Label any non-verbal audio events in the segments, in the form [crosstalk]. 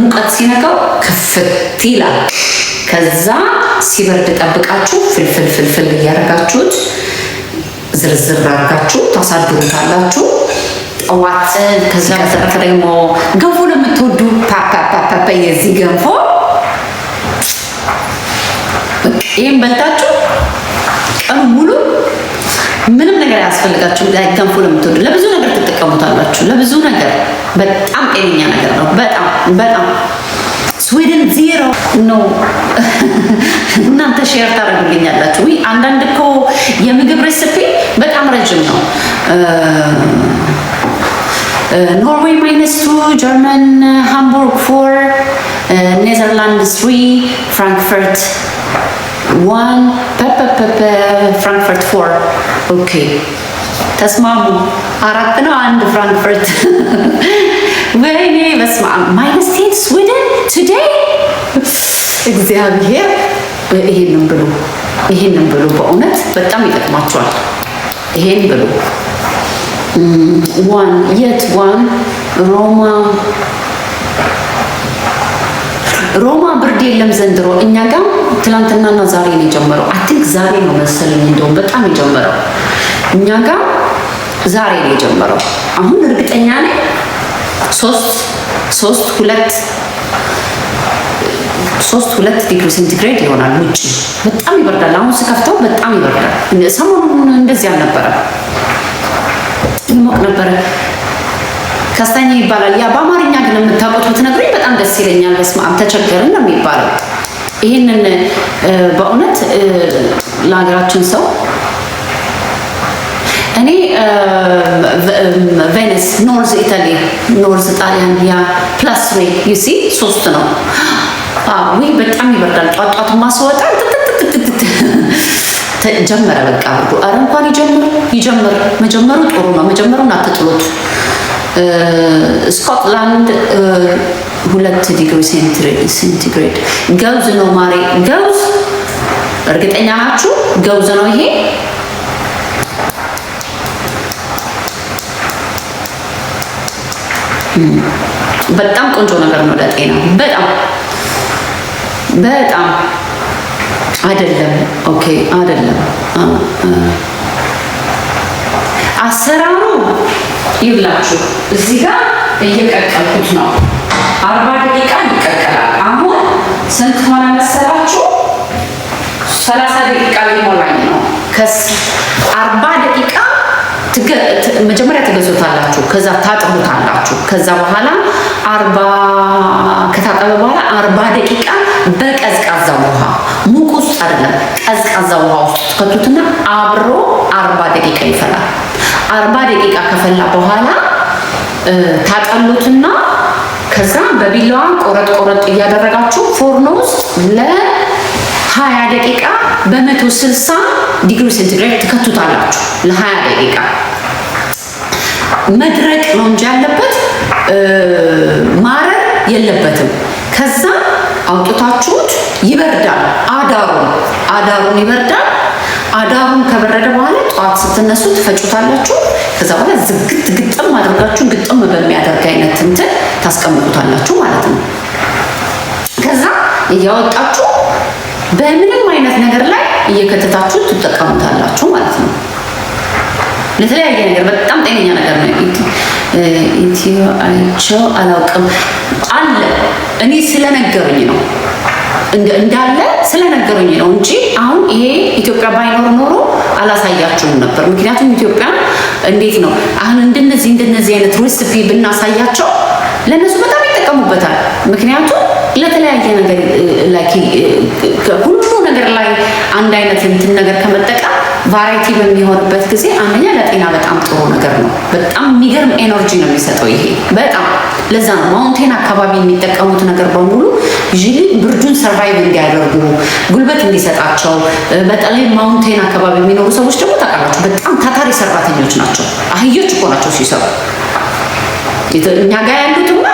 ሙቀት ሲነካው ክፍት ይላል። ከዛ ሲበርድ ጠብቃችሁ ፍልፍል ፍልፍል እያደረጋችሁት ዝርዝር አድርጋችሁ ታሳድሩታላችሁ። ጠዋት ከዛ በተረፈ ደግሞ ገንፎ ለምትወዱ ፓፓፓፓ የዚህ ገንፎ ይህም በልታችሁ ቀኑ ሙሉ ምንም ነገር አያስፈልጋችሁም። ገንፎ ለምትወዱ ለብዙ ነገር ትጠቀሙታላችሁ። ለብዙ ነገር በጣም ጤነኛ ነገር ነው። በጣም በጣም ስዊድን ዜሮ ነው። [laughs] እናንተ ሼር ታደርጉልኛላችሁ። አንዳንድ እኮ የምግብ ሬሲፒ በጣም ረጅም ነው። ኖርዌይ ማይነስ ቱ ጀርመን ሃምቡርግ ፎር ኔዘርላንድ ስሪ ፍራንክፈርት ዋን ፍራንክፈርት ፎር ኦኬ ተስማሙ። አራት ነው አንድ ፍራንክፈርት። ወይኔ በስመ አብ ማይነስ ቴን ስዊድን ቱዴይ። እግዚአብሔር ይሄንን ብሉ፣ ይሄንን ብሉ። በእውነት በጣም ይጠቅማቸዋል። ይሄን ብሉ። ዋን የት ዋን ሮማ ሮማ አንድ የለም ዘንድሮ እኛ ጋር ትላንትናና ዛሬ ነው የጀመረው። አይ ዛሬ ነው መሰለኝ እንደውም በጣም የጀመረው እኛ ጋር ዛሬ ነው የጀመረው። አሁን እርግጠኛ ነኝ ሶስት ሶስት ሁለት ሶስት ሁለት ዲግሪ ሴንቲግሬድ ይሆናል። ውጭ በጣም ይበርዳል። አሁን ስከፍተው በጣም ይበርዳል። ሰሞኑን እንደዚህ አልነበረም፣ ይሞቅ ነበረ። ከስተኛ ይባላል። ያ በአማርኛ ግን የምታውቁት ብትነግሩኝ በጣም ደስ ይለኛል። በስመ አብ ተቸገርን ነው የሚባለው። ይህንን በእውነት ለሀገራችን ሰው እኔ ቬኒስ ኖርዝ ኢታሊ ኖርዝ ጣሊያን ያ ፕላስ ሬ ዩሲ ሶስት ነው። ውይ በጣም ይበርዳል። ጧጧት ማስወጣ ጀመረ። በቃ አረ እንኳን ይጀምር ይጀምር። መጀመሩ ጥሩ ነው። መጀመሩን አትጥሎት። ስኮትላንድ ሁለት ዲግሪ ሴንቲግሬድ ገብዝ ነው ማሬ፣ ገውዝ እርግጠኛ ናችሁ? ገውዝ ነው ይሄ በጣም ቆንጆ ነገር ነው ለጤና። በጣም በጣም አይደለም። ኦኬ አይደለም አሰራሩ ይብላችሁ። እዚህ ጋር እየቀቀልኩት ነው። አርባ ደቂቃ ይቀቀላል። አሁን ስንት ሆነ መሰላችሁ? ሰላሳ ደቂቃ ሊሞላኝ ነው። አርባ ደቂቃ መጀመሪያ ትገዙታላችሁ፣ ከዛ ታጥቡታላችሁ። ከዛ በኋላ አርባ ከታጠበ በኋላ አርባ ደቂቃ በቀዝቃዛ ውሃ ሙቅ ውስጥ አይደለም፣ ቀዝቃዛ ውሃ ውስጥ ትከቱትና አብሮ አርባ ደቂቃ ይፈላል። አርባ ደቂቃ ከፈላ በኋላ ታጠሉትና ከዛ በቢላዋ ቆረጥ ቆረጥ እያደረጋችሁ ፎርኖ ውስጥ ለ20 ደቂቃ በ160 ዲግሪ ሴንቲግሬድ ትከቱታላችሁ። ለ20 ደቂቃ መድረቅ ነው እንጂ ያለበት ማረር የለበትም። ከዛ አውጥታችሁት ይበርዳል። አዳሩን አዳሩን ይበርዳል። አዳሩን ከበረደ በኋላ ጠዋት ስትነሱ ትፈጩታላችሁ። ከዛ በኋላ ዝግት ግጥም አድርጋችሁ ግጥም በሚያደርግ አይነት እንትን ታስቀምጡታላችሁ ማለት ነው። ከዛ እያወጣችሁ በምንም አይነት ነገር ላይ እየከተታችሁ ትጠቀሙታላችሁ ማለት ነው። ለተለያየ ነገር በጣም ጤነኛ ነገር ነው። ኢትዮ አይቼው አላውቅም አለ እኔ ስለነገሩኝ ነው እንዳለ ስለነገሩኝ ነው እንጂ አሁን ይሄ ኢትዮጵያ ባይኖር ኖሮ አላሳያችሁም ነበር። ምክንያቱም ኢትዮጵያ እንዴት ነው አሁን እንደነዚህ እንደነዚህ አይነት ሬሲፒ ብናሳያቸው ለእነሱ በጣም ይጠቀሙበታል። ምክንያቱም ለተለያየ ነገር ሁሉ ነገር ላይ አንድ አይነት እንትን ነገር ከመጠቀም ቫራይቲ በሚሆንበት ጊዜ አንደኛ ለጤና በጣም ጥሩ ነገር ነው። በጣም የሚገርም ኤነርጂ ነው የሚሰጠው ይሄ በጣም ለዛ ነው ማውንቴን አካባቢ የሚጠቀሙት ነገር በሙሉ ዥሊ ብርዱን ሰርቫይቭ እንዲያደርጉ ጉልበት እንዲሰጣቸው። በተለይ ማውንቴን አካባቢ የሚኖሩ ሰዎች ደግሞ ታውቃላችሁ፣ በጣም ታታሪ ሰራተኞች ናቸው። አህዮች እኮ ናቸው ሲሰሩ። እኛ ጋር ያሉትና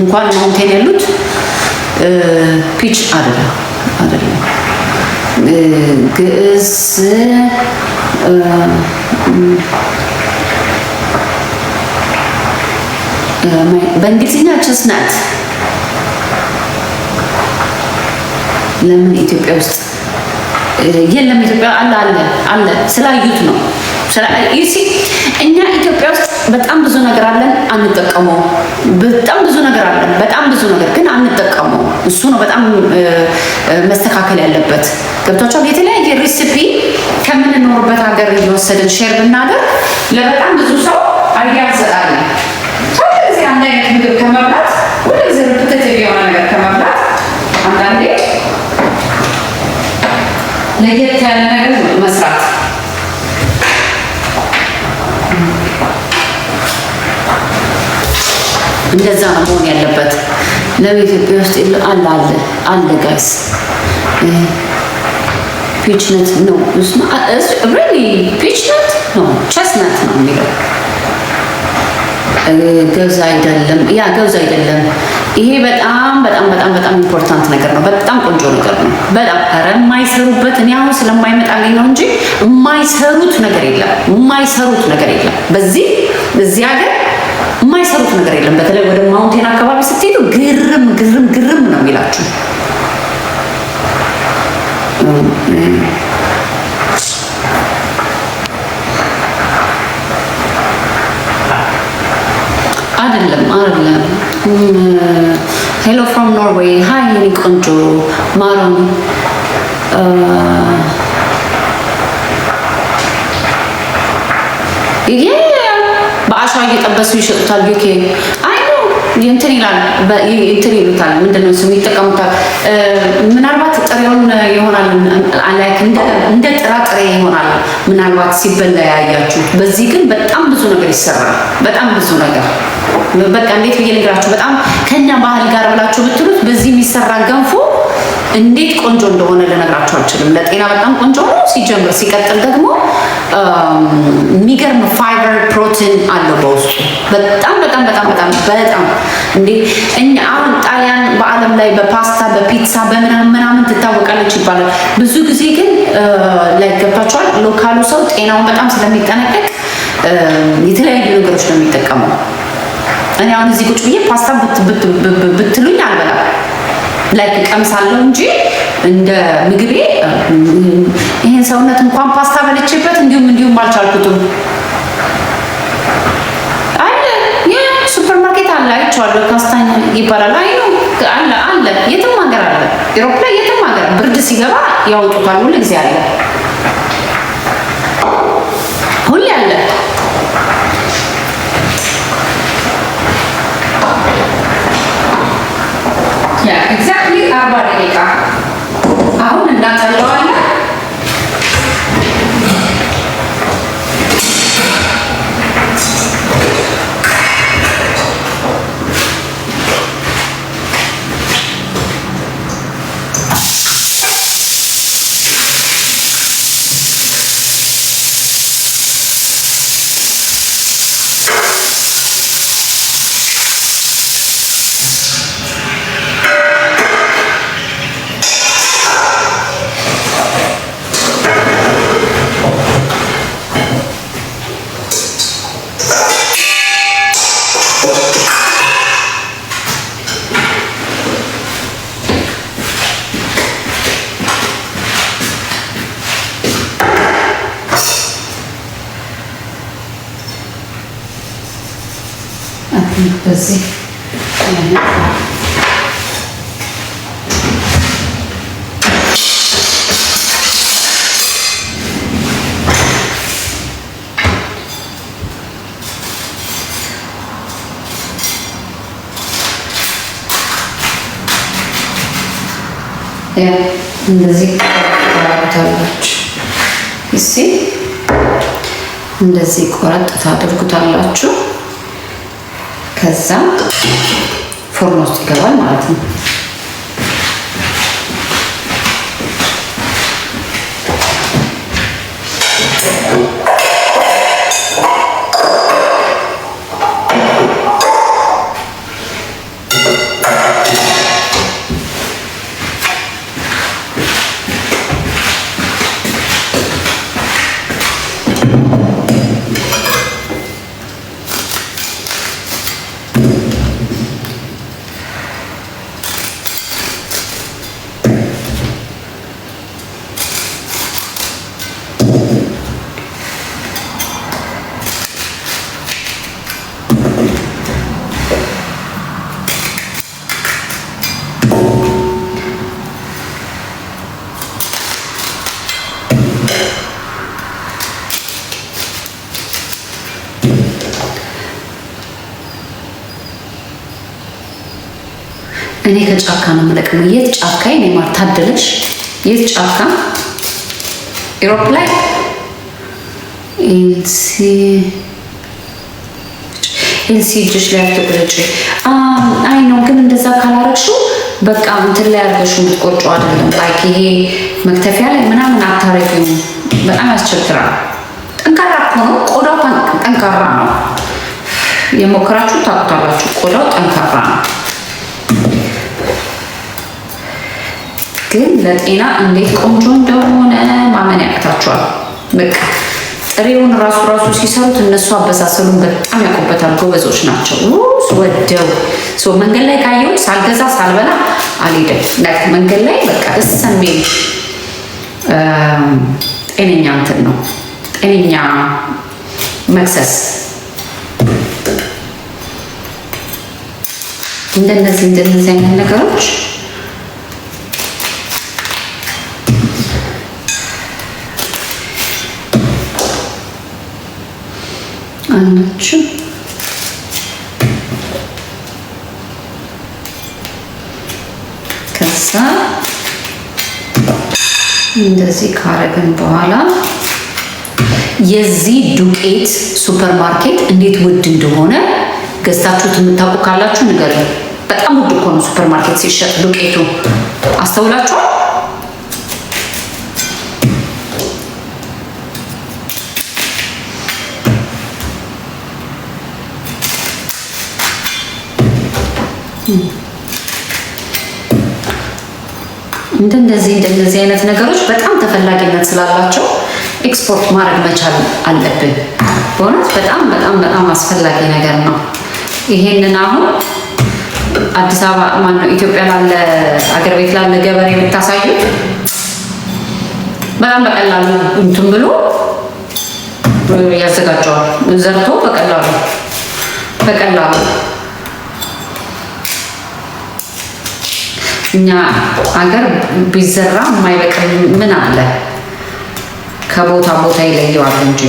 እንኳን ማውንቴን ያሉት ፒች አደለ አይደለም ግዕዝ በእንግሊዝኛ ችስ ለምን ኢትዮጵያ ውስጥ የለም? ኢትዮጵያ አለ አለ አለ ስላዩት ነው። እኛ ኢትዮጵያ ውስጥ በጣም ብዙ ነገር አለን አንጠቀመው። በጣም ብዙ ነገር አለን፣ በጣም ብዙ ነገር ግን አንጠቀመው። እሱ ነው በጣም መስተካከል ያለበት። ገብቷቸዋል። የተለያየ ሬሲፒ ከምንኖርበት ሀገር እየወሰድን ሼር ብናደርግ ለበጣም ብዙ ሰው አይዲያ እንሰጣለን። ሁልጊዜ አንድ አይነት ምግብ ከመብላት፣ ሁልጊዜ ሪፒቴቲቭ የሆነ ነገር ከመብላት አንዳንዴ ለየት ያለ ነገር መስራት እንደዛ ነው መሆን ያለበት። ነው ኢትዮጵያ ውስጥ አለ አለ አለ ጋይስ ፒችነት ነው ፒችነት ነው ቸስነት ነው የሚለው ገብዝ አይደለም፣ ያ ገብዝ አይደለም። ይሄ በጣም በጣም በጣም በጣም ኢምፖርታንት ነገር ነው። በጣም ቆንጆ ነገር ነው። በጣም ኧረ የማይሰሩበት እኔ አሁን ስለማይመጣልኝ ነው እንጂ የማይሰሩት ነገር የለም። የማይሰሩት ነገር የለም። በዚህ በዚህ ሀገር የማይሰሩት ነገር የለም። በተለይ ወደ ማውንቴን አካባቢ ስትሄዱ ግርም ግርም ግርም ነው የሚላችሁ። አይደለም አይደለም። ሄሎ ፍሮም ኖርዌይ ሀይ፣ የኔ ቆንጆ ማሮን ይሄ እየጠበሱ ይሸጡታል። ዩኬ አይ ነው እንትን ይላል እንትን ይሉታል። ምንድነው ስም ይጠቀሙታል። ምናልባት ጥሬውን ይሆናል ላይክ እንደ ጥራጥሬ ይሆናል ምናልባት ሲበላ ያያችሁ። በዚህ ግን በጣም ብዙ ነገር ይሰራል። በጣም ብዙ ነገር በቃ እንዴት ብዬ ነግራችሁ፣ በጣም ከእኛ ባህል ጋር ብላችሁ ብትሉት በዚህ የሚሰራ ገንፎ እንዴት ቆንጆ እንደሆነ ልነግራቸው አልችልም። ለጤና በጣም ቆንጆ ነው ሲጀምር፣ ሲቀጥል ደግሞ የሚገርም ፋይበር ፕሮቲን አለው በውስጡ በጣም በጣም በጣም በጣም በጣም እንዴ እኛ አሁን ጣሊያን በዓለም ላይ በፓስታ በፒትሳ በምናምን ምናምን ትታወቃለች ይባላል። ብዙ ጊዜ ግን ላይ ሎካሉ ሰው ጤናውን በጣም ስለሚጠነቀቅ የተለያዩ ነገሮች ነው የሚጠቀመው። እኔ አሁን እዚህ ቁጭ ብዬ ፓስታ ብትሉኝ አልበላም። ላይክ ቀምሳለሁ እንጂ እንደ ምግቤ ይሄን ሰውነት እንኳን ፓስታ በልቼበት እንዲሁም እንዲሁም አልቻልኩትም። አለ የሱፐርማርኬት አለ አይቼዋለሁ። ካስታኝ ይባላል። አይ አለ አለ፣ የትም ሀገር አለ። ኤሮፕ ላይ የትም ሀገር ብርድ ሲገባ ያወጡታል። ጊዜ አለ። ኤግዛክትሊ አርባ ደቂቃ አሁን እናጠለዋለን። እንደዚህ እንደዚህ ታደርጉታላችሁ። እንደዚህ ቆረጥ ታደርጉታላችሁ። ከዛ ፎርኖ ውስጥ ይገባል ማለት ነው። እኔ ከጫካ ነው የምለቅመው። የት ጫካ? ኔማር ታደለሽ። የት ጫካ? ኢሮፕ ላይ ኤልሲ እጅሽ ላይ አትቁረጪ። አይ ነው ግን እንደዛ ካላረግሽው በቃ እንትን ላይ አድርገሽው የምትቆርጪው አይደለም። ላይክ ይሄ መክተፊያ ላይ ምናምን አታረጊው፣ በጣም ያስቸግራል። ጠንካራ ነው ቆዳው ጠንካራ ነው። የሞከራችሁ ታቁታላችሁ ቆዳው ጠንካራ ነው። ግን ለጤና እንዴት ቆንጆ እንደሆነ ማመን ያቅታቸዋል። በቃ ጥሬውን ራሱ ራሱ ሲሰሩት እነሱ አበሳሰሉን በጣም ያውቁበታል። ጎበዞች ናቸው። ወደው መንገድ ላይ ካየው ሳልገዛ ሳልበላ አልሄድም። መንገድ ላይ በቃ እሰሜ የሚል ጤነኛ እንትን ነው ጤነኛ መክሰስ እንደነዚህ እንደነዚህ አይነት ነገሮች አለችው። ከዛ እንደዚህ ካረግን በኋላ የዚህ ዱቄት ሱፐርማርኬት እንዴት ውድ እንደሆነ ገዝታችሁት የምታውቁ ካላችሁ ንገሩ። በጣም ውድ እኮ ነው ሱፐር ማርኬት ሲሸጥ ዱቄቱ አስተውላችኋል። እንደነዚህ እንደዚህ አይነት ነገሮች በጣም ተፈላጊነት ስላላቸው ኤክስፖርት ማድረግ መቻል አለብን። በእውነት በጣም በጣም በጣም አስፈላጊ ነገር ነው። ይሄንን አሁን አዲስ አበባ ማነው ኢትዮጵያ ላለ አገር ቤት ላለ ገበሬ የምታሳዩ በጣም በቀላሉ እንትን ብሎ ያዘጋጀዋል። ዘርቶ በቀላሉ በቀላሉ እኛ ሀገር ቢዘራ የማይበቅል ምን አለ? ከቦታ ቦታ ይለየዋል እንጂ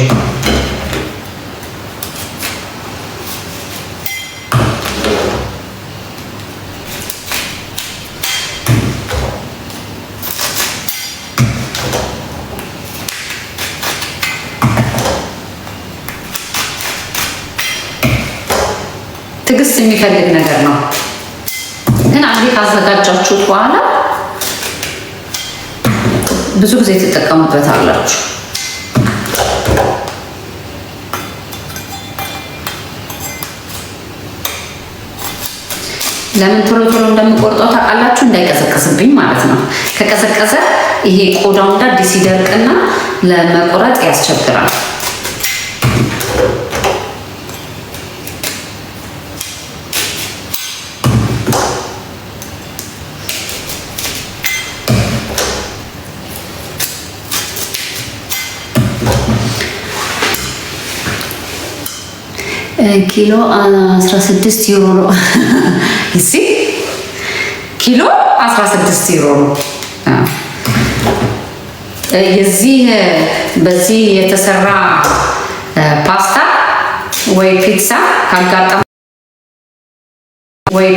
ትዕግስት የሚፈልግ ነገር ነው። ግን አንዴ ካዘጋጃችሁት በኋላ ብዙ ጊዜ ትጠቀሙበት አላችሁ። ለምን ቶሎ ቶሎ እንደምቆርጠው ታውቃላችሁ? እንዳይቀዘቀዝብኝ ማለት ነው። ከቀዘቀዘ ይሄ ቆዳው እንዳዲስ ይደርቅና ለመቁረጥ ያስቸግራል። ኪሎ 16 ዩሮ ነው። እሺ ኪሎ 16 ዩሮ ነው። የዚህ በዚህ የተሰራ ፓስታ ወይ ፒትሳ ካጋጠመ ወይ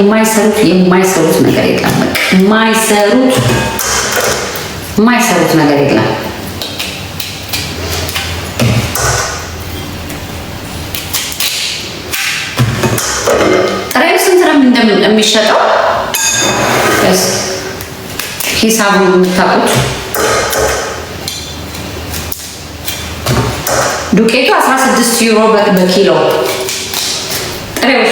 የማይሰሩት የማይሰሩት የማይሰሩት ነገር የለም። የማይሰሩት የማይሰሩት ነገር የለም። ጥሬው ስንት ነው የሚሸጠው? ሂሳቡ የምታውቁት ዱቄቱ 16 ዩሮ በኪሎ ጥሬዎች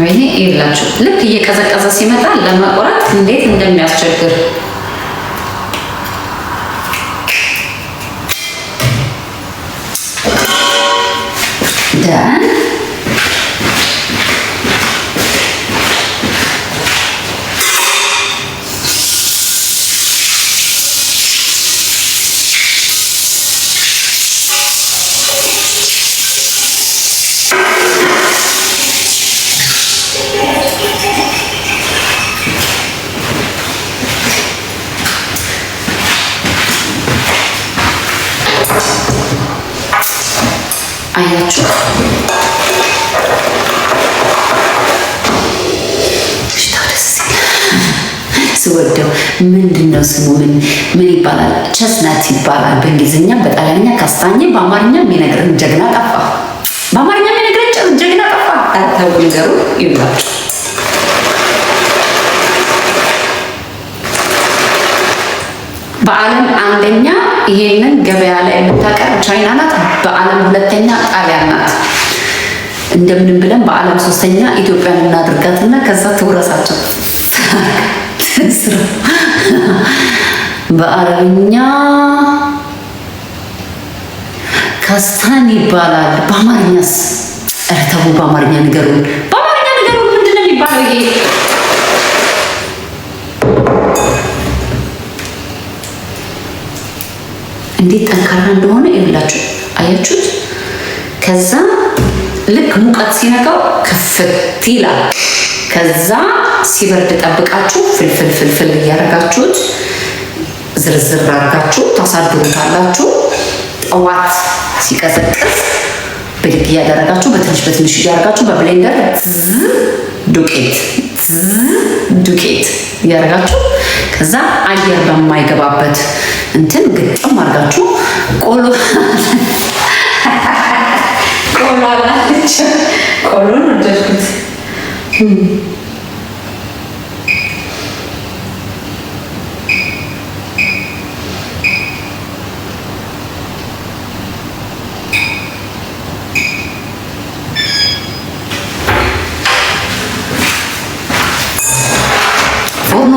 ይሄ የላችሁ ልክ እየቀዘቀዘ ሲመጣ ለመቁረጥ እንዴት እንደሚያስቸግር ምንድን ነው ስሙ? ምን ምን ይባላል? ቸስነት ይባላል በእንግሊዝኛ፣ በጣሊያንኛ ካስታኘ። በአማርኛ የሚነግረን ጀግና ጠፋ። በአማርኛ የሚነግረን ጀግና ጠፋ። አታውቁ ነገሩ ይብላችሁ በዓለም አንደኛ ይሄንን ገበያ ላይ የምታቀርብ ቻይና ናት። በዓለም ሁለተኛ ጣሊያን ናት። እንደምንም ብለን በዓለም ሶስተኛ ኢትዮጵያን እናድርጋትና ከዛ ትውረሳቸው ስራ በአረብኛ ከሳን ይባላል። በአማርኛስ? ኧረ ተው፣ በአማርኛ ንገሩን፣ በአማርኛ ንገሩን። ምንድን ነው የሚባለው ይሄ? እንዴት ጠንካራ እንደሆነ ይብላችሁ፣ አያችሁት? ከዛ ልክ ሙቀት ሲነካው ክፍት ይላል። ከዛ ሲበርድ ጠብቃችሁ ፍልፍል ፍልፍል እያደረጋችሁት ዝርዝር አድርጋችሁ ታሳድሩታላችሁ። ጠዋት ሲቀዘቅዝ ብድግ እያደረጋችሁ በትንሽ በትንሽ እያደረጋችሁ በብሌንደር ዱቄት ዱቄት እያደረጋችሁ ከዛ አየር በማይገባበት እንትን ግጥም አድርጋችሁ ቆሎ ቆሎ አላለች ቆሎን ወደድኩት። Одно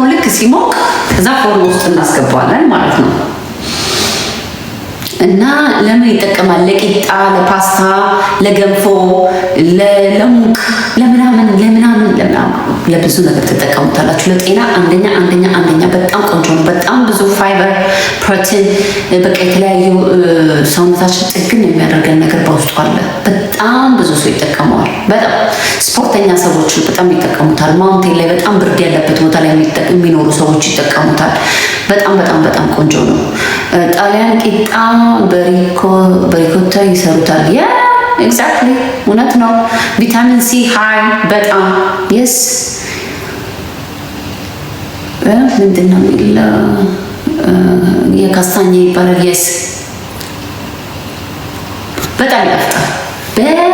лика си мог, за форму стандартска нали, плана, нормально. ለምን ይጠቀማል? ለቂጣ፣ ለፓስታ፣ ለገንፎ፣ ለሙቅ፣ ለምናምን ለምናምን ለምናምን ለብዙ ነገር ትጠቀሙታላችሁ። ለጤና አንደኛ አንደኛ አንደኛ በጣም ቆንጆ ነው። በጣም ብዙ ፋይበር፣ ፕሮቲን በቃ የተለያዩ ሰውነታችን ጥግን የሚያደርገን ነገር በውስጡ አለ። በጣም ብዙ ሰው ይጠቀመዋል። በጣም ስፖርተኛ ሰዎች በጣም ይጠቀሙታል። ማውንቴን ላይ በጣም ብርድ ያለበት ቦታ ላይ የሚኖሩ ሰዎች ይጠቀሙታል። በጣም በጣም በጣም ቆንጆ ነው። ጣሊያን ቂጣ በሪኮታ ይሰሩታል። ያ ኤግዛክትሊ እውነት ነው። ቪታሚን ሲ ሃይ በጣም የስ ምንድን ነው የሚል የካስታኛ ይባላል። የስ በጣም ያፍጣል። በጣም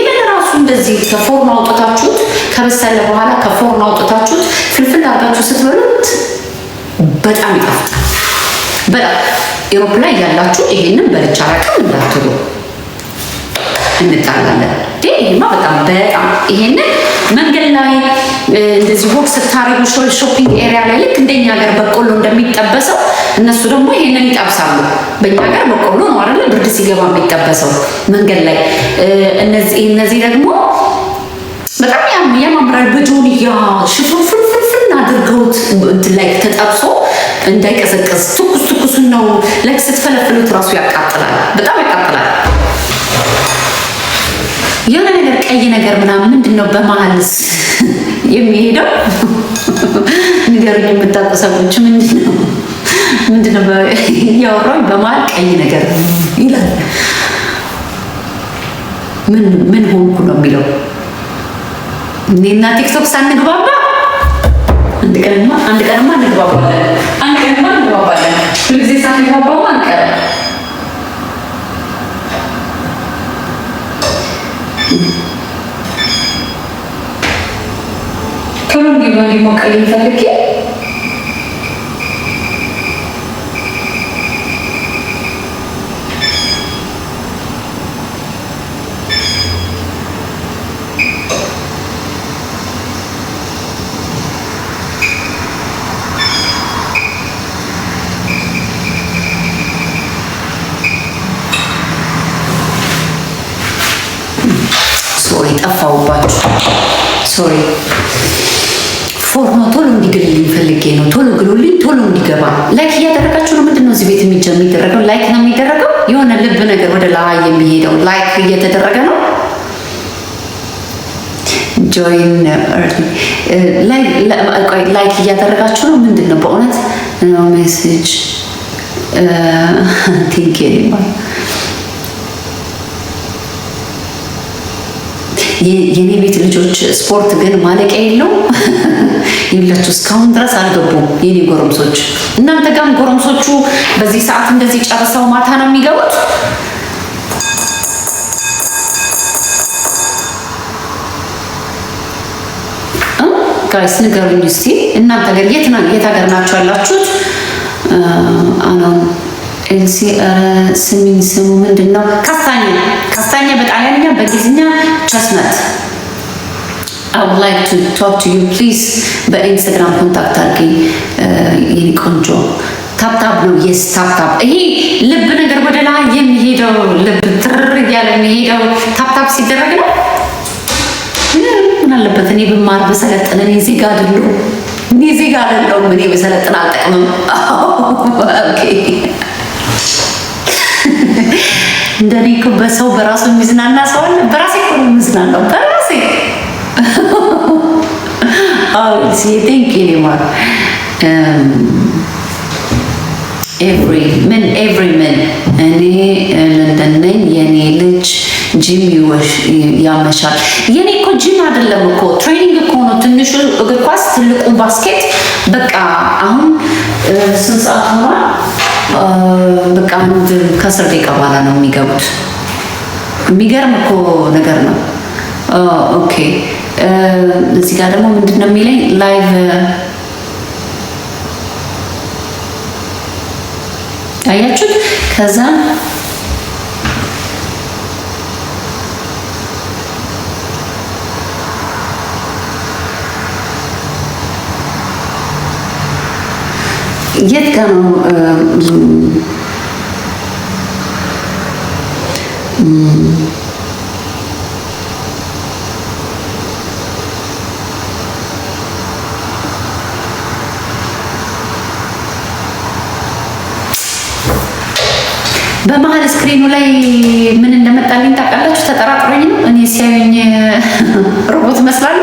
ኢቨን ራሱ እንደዚህ ከፎርም አውጥታችሁት ከበሰለ በኋላ ከፎርም አውጥታችሁት ፍልፍል አርጋችሁ ስትበሉት በጣም ይጣፍጣል። በጣም ኤሮፕ ላይ ያላችሁ ይሄንን በልቻ አላውቅም እንዳትሉ እንጣላለን። ይሄማ በጣም በጣም ይሄንን መንገድ ላይ እንደዚህ ወቅት ስታረጉ ሾፒንግ ኤሪያ ላይ ልክ እንደኛ ሀገር በቆሎ እንደሚጠበሰው እነሱ ደግሞ ይሄንን ይጠብሳሉ። በእኛ ሀገር በቆሎ ነው አይደለ ብርድ ሲገባ የሚጠበሰው መንገድ ላይ። እነዚህ ደግሞ በጣም ያማምራል። በጆንያ ሽፍንፍንፍን አድርገውት እንትን ላይ ተጠብሶ እንዳይቀዘቀዝ ትኩስ ትኩሱን ነው። ለክ ስትፈለፍሉት ራሱ ያቃጥላል፣ በጣም ያቃጥላል። የሆነ ነገር ቀይ ነገር ምናምን ምንድን ነው በመሀልስ የሚሄደው ንገሩኝ፣ የምታውቁ ሰዎች ምንድን ነው ምንድን ነው እያወራሁኝ በመሀል ቀይ ነገር ይላል። ምን ምን ሆንኩ ነው የሚለው እኔና ቲክቶክ ሳንግባባ አንድ ቀንማ አንድ ቀንማ እንግባባለን። እንግባባለን። ሁልጊዜ ሳንግባባ አንቀርም። ከሁሉ ጊዜ እንዲሞቀልኝ ፈልጌ ሶሪ ፎር ቶሎ እንዲግልልኝ ፈልጌ ነው። ቶሎ ግሉልኝ፣ ቶሎ እንዲገባ ላይክ እያደረጋችሁ ነው። ምንድነው እዚህ ቤት የሚደረገው? ላይክ ነው የሚደረገው። የሆነ ልብ ነገር ወደ ላይ የሚሄደው ላይክ እየተደረገ ነው። ጆይን ላይክ እያደረጋችሁ ነው። ምንድን ነው በእውነት ሜሴጅ ቲንክ የኔ ቤት ልጆች ስፖርት ግን ማለቂያ የለው ይላችሁ [laughs] እስካሁን ድረስ አልገቡም። የኔ ጎረምሶች እናንተ ጋም ጎረምሶቹ በዚህ ሰዓት እንደዚህ ጨርሰው ማታ ነው የሚገቡት። ጋይስ ንገሩኝ እስቲ እናንተ ጋር የት ሀገር ናቸው ያላችሁት? ኤልሲ ስሚኝ፣ ስሙ ምንድን ነው? ካስታኛ ካስታኛ በጣሊያንኛ በእንግሊዝኛ ቻስናት አይ ውድ ላይክ ቱ ቶክ ቱ ዩ ፕሊዝ። በኢንስታግራም ኮንታክት አድርገኝ የኔ ቆንጆ። ታፕታፕ ነው የስ ታፕታፕ። ይሄ ልብ ነገር ወደ ላይ የሚሄደው ልብ ትር እያለ የሚሄደው ታፕታፕ ሲደረግ ነው። ምን አለበት እኔ ብማር በሰለጠነ እኔ ዜጋ አይደለሁም። እኔ ዜጋ አይደለሁም። እኔ በሰለጠነ አልጠቅምም። [laughs] ኦኬ እንደኔ እኮ በሰው በራሱ የሚዝናና ሰው አለ። በራሴ እኮ ነው የምዝናናው። በራሴ አው ሲቲንክ ይማር ኤቭሪ ምን ኤቭሪ ምን እኔ ለንደን ነኝ። የኔ ልጅ ጂም ያመሻል። የኔ እኮ ጂም አይደለም እኮ ትሬኒንግ እኮ ነው። ትንሹ እግር ኳስ፣ ትልቁ ባስኬት። በቃ አሁን ስንት ሰዓት ሆኗል? በቃ አንድ ከአስር ደቂቃ በኋላ ነው የሚገቡት። የሚገርም እኮ ነገር ነው። ኦኬ እዚህ ጋር ደግሞ ምንድን ነው የሚለኝ ላይቭ አያችሁት ከዛ የት ጋ ነው በመሀል ስክሪኑ ላይ ምን እንደመጣልኝ ታውቃላችሁ? ተጠራጥረኝ ነው እኔ ሲያዩኝ ሮቦት መስላለሁ።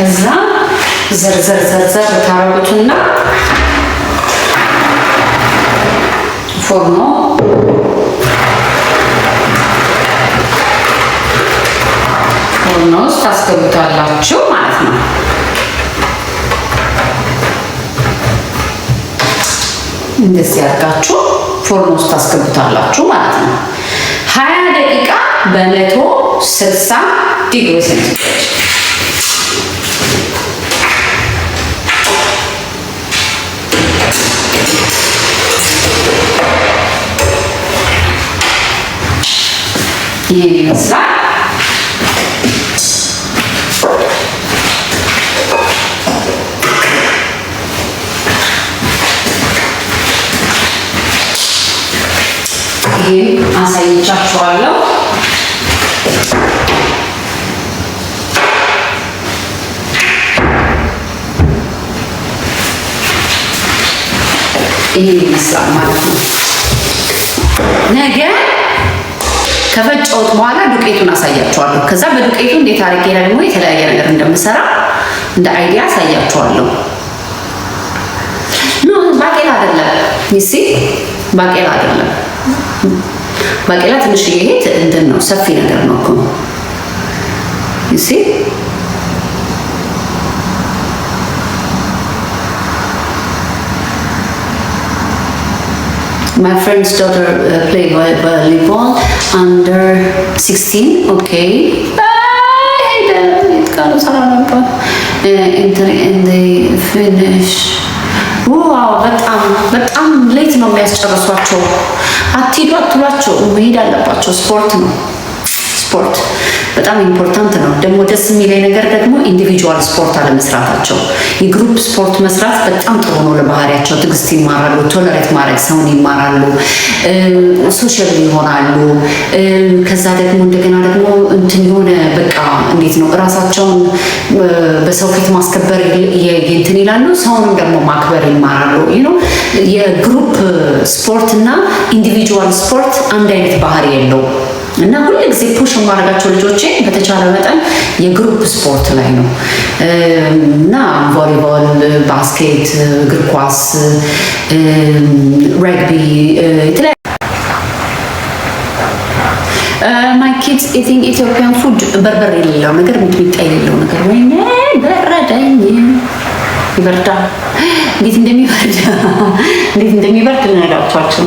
ከዛ ዘርዘር ዘርዘር ታረጉትና ፎርኖ ፎርኖ ውስጥ ታስገቡታላችሁ ማለት ነው። እንደዚህ ያርጋችሁ ፎርኖ ውስጥ ታስገቡታላችሁ ማለት ነው። ሀያ ደቂቃ በመቶ ስልሳ ዲግሪ ሴንቲግሬድ ይህን ይመስላል። ይህን አሳይቻችኋለሁ። ይህን ይመስላል ማለት ነው ነገ ከፈጨሁት በኋላ ዱቄቱን አሳያችኋለሁ። ከዛ በዱቄቱ እንዴት አድርጌ ደግሞ የተለያየ ነገር እንደምሰራ እንደ አይዲያ አሳያችኋለሁ። ኖ ባቄላ አይደለም፣ ይሲ ባቄላ አይደለም። ባቄላ ትንሽ ይሄ እንትን ነው፣ ሰፊ ነገር ነው እኮ my friend's daughter uh, play volleyball under 16 okay in the finish ዋው በጣም በጣም ሌት ነው የሚያስጨርሷቸው። አትሄዱ አትሏቸው፣ መሄድ watch sport no sport. በጣም ኢምፖርታንት ነው። ደግሞ ደስ የሚለኝ ነገር ደግሞ ኢንዲቪጁዋል ስፖርት አለመስራታቸው። የግሩፕ ስፖርት መስራት በጣም ጥሩ ነው ለባህሪያቸው። ትዕግስት ይማራሉ፣ ቶለሬት ማድረግ ሰውን ይማራሉ፣ ሶሻል ይሆናሉ። ከዛ ደግሞ እንደገና ደግሞ እንትን የሆነ በቃ እንዴት ነው እራሳቸውን በሰው ፊት ማስከበር እንትን ይላሉ። ሰውንም ደግሞ ማክበር ይማራሉ። የግሩፕ ስፖርት እና ኢንዲቪጁዋል ስፖርት አንድ አይነት ባህሪ የለውም። እና ሁሉ ጊዜ ፑሽ የማደርጋቸው ልጆቼ በተቻለ መጠን የግሩፕ ስፖርት ላይ ነው እና ቮሊቦል፣ ባስኬት፣ እግር ኳስ፣ ረግቢ የተለያዩ ማይ ኪድስ ኢቲንግ ኢትዮጵያን ፉድ በርበር የሌለው ነገር ሚጥሚጣ የሌለው ነገር ወይ በረደኝ። ይበርዳ እንዴት እንደሚበርድ እንዴት እንደሚበርድ ልነግራችኋችሁ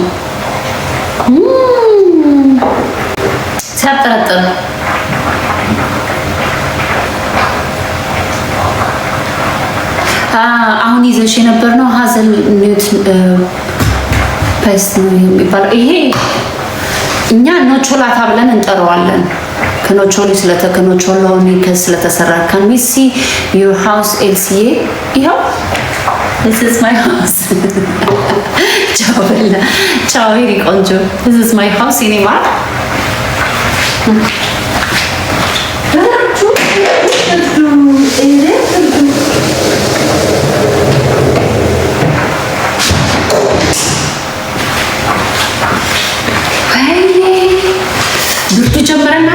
ሲያጠረጥር አሁን ይዘሽ የነበር ነው ሀዘን ኒውት ፔስት ነው የሚባለው። ይሄ እኛ ኖቾላታ ብለን እንጠራዋለን። ከኖቾሊ ስለተ ከኖቾሎኒ ስለተሰራ ከሚሲ ዩር ሃውስ ኤልሲኤ ይኸው This is my house. [laughs] ቻው ቻው። ይሄ ቆንጆ This is my house. ብርዱ ጀመረ። እናንተ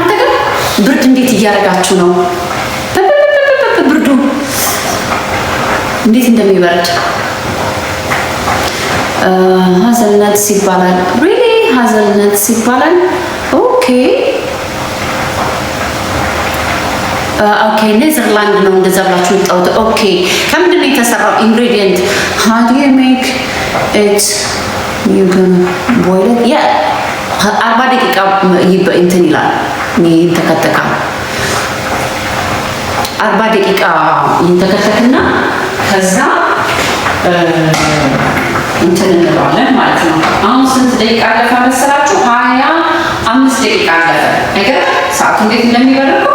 ግን ብርድ እንዴት እያደረጋችሁ ነው? ብርዱ እንዴት እንደሚበርድ ሀዘልነት ይባላል። ሪሊ ሀዘልነት ይባላል። ኦኬ ኦኬ uh, ኔዘርላንድ ነው እንደዛ ብላችሁ የምታወጡ። ኦኬ ከምንድን ነው የተሰራው? ኢንግሪዲየንት ሃው ዱ ዩ ሜክ ኢት ዩ ጎን ቦይል ያ አርባ ደቂቃ እንትን ይላል ተከተካ አርባ ደቂቃ ይንተከተክና ከዛ uh, እንትን እንለዋለን ማለት ነው። አሁን ስንት ደቂቃ አለፈ መሰላችሁ? ሀያ አምስት ደቂቃ አለፈ። ነገር ሰዓቱ እንዴት እንደሚበረቀው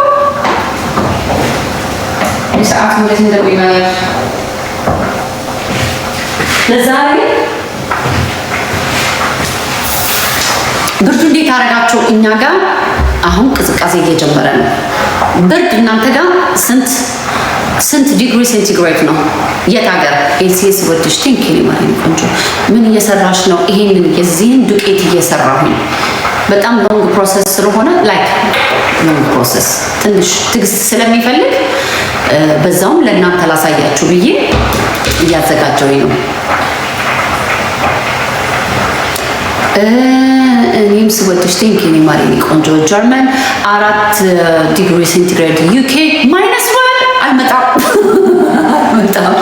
ሰዓት እንዴት እንደሚባል ለዛሬ ብርዱ እንዴት አደረጋቸው? እኛ ጋር አሁን ቅዝቃዜ እየጀመረ ነው። ብርድ እናንተ ጋር ስንት ስንት ዲግሪ ሴንቲግሬድ ነው? የት ሀገር ኤልሲኤስ ወድሽ ቲንክ ቆንጆ ምን እየሰራሽ ነው? ይሄንን የዚህን ዱቄት እየሰራሁ ነው በጣም ሎንግ ፕሮሰስ ስለሆነ ላይክ ሎንግ ፕሮሰስ ትንሽ ትዕግስት ስለሚፈልግ በዛውም ለእናንተ ላሳያችሁ ብዬ እያዘጋጀው ነው። እኔም ስወጥሽ ቲንክ ኔ ማሪኒ ቆንጆ ጀርመን አራት ዲግሪ ሴንቲግሬድ ዩኬ ማይነስ ዋን አይመጣም [laughs] አይመጣም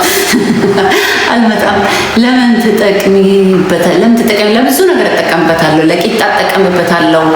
አልመጣም። ለምን ትጠቅሚበታል? ለምን ትጠቅሚ? ለብዙ ነገር እጠቀምበታለሁ። ለቂጣ እጠቀምበታለሁ።